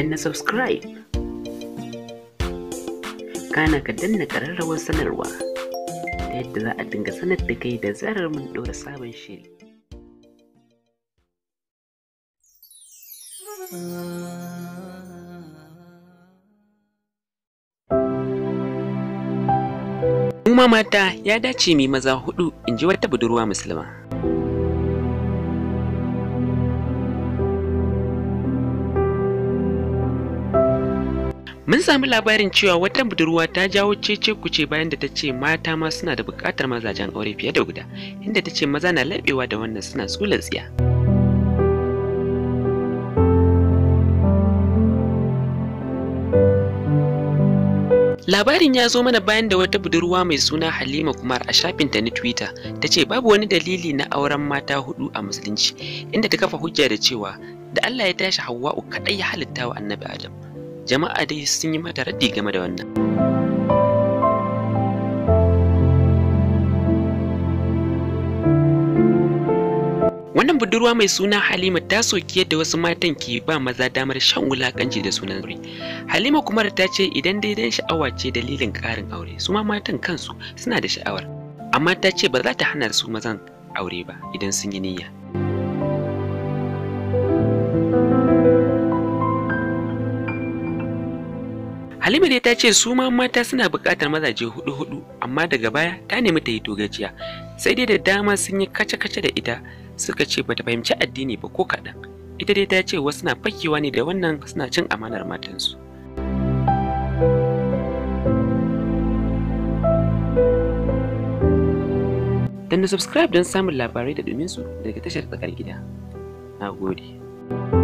danna subscribe kana ka danna ƙararrawar sanarwa ta yadda za a dinga sanar da kai da zarar mun ɗora sabon shiri Kuma mata ya dace mai maza hudu in ji wata budurwa musulma. Mun sami labarin cewa wata budurwa ta jawo cece kuce bayan da ta ce mata ma suna da buƙatar mazajen aure fiye da guda, inda ta ce maza na laɓewa da wannan suna tsula tsiya. Labarin ya zo mana bayan da wata budurwa mai suna Halima Kumar a shafinta na Twitter ta ce babu wani dalili na auren mata hudu a musulunci inda ta kafa hujja da cewa da Allah ya tashi hawa'u kaɗai ya halitta wa Annabi Adam. jama'a dai sun yi mata raddi game da wannan wannan budurwa mai suna halima ta soki yadda wasu matan ke ba maza damar shan wulakanci da sunan aure halima kuma ta ce idan daidai sha'awa ce dalilin karin aure su ma matan kansu suna da sha'awar amma ta ce ba za ta hana su mazan aure ba idan sun yi niyya Halima dai ta ce su ma mata suna buƙatar mazaje hudu-hudu amma daga baya ta nemi ta yi gajiya, sai dai da dama sun yi kace-kace da ita suka ce bata fahimci addini ba ko kaɗan ita dai ta ce wasu na fakewa ne da wannan suna cin amanar matansu. Dan da subscribe don samun labarai da su daga tashar tsakar gida. Na gode.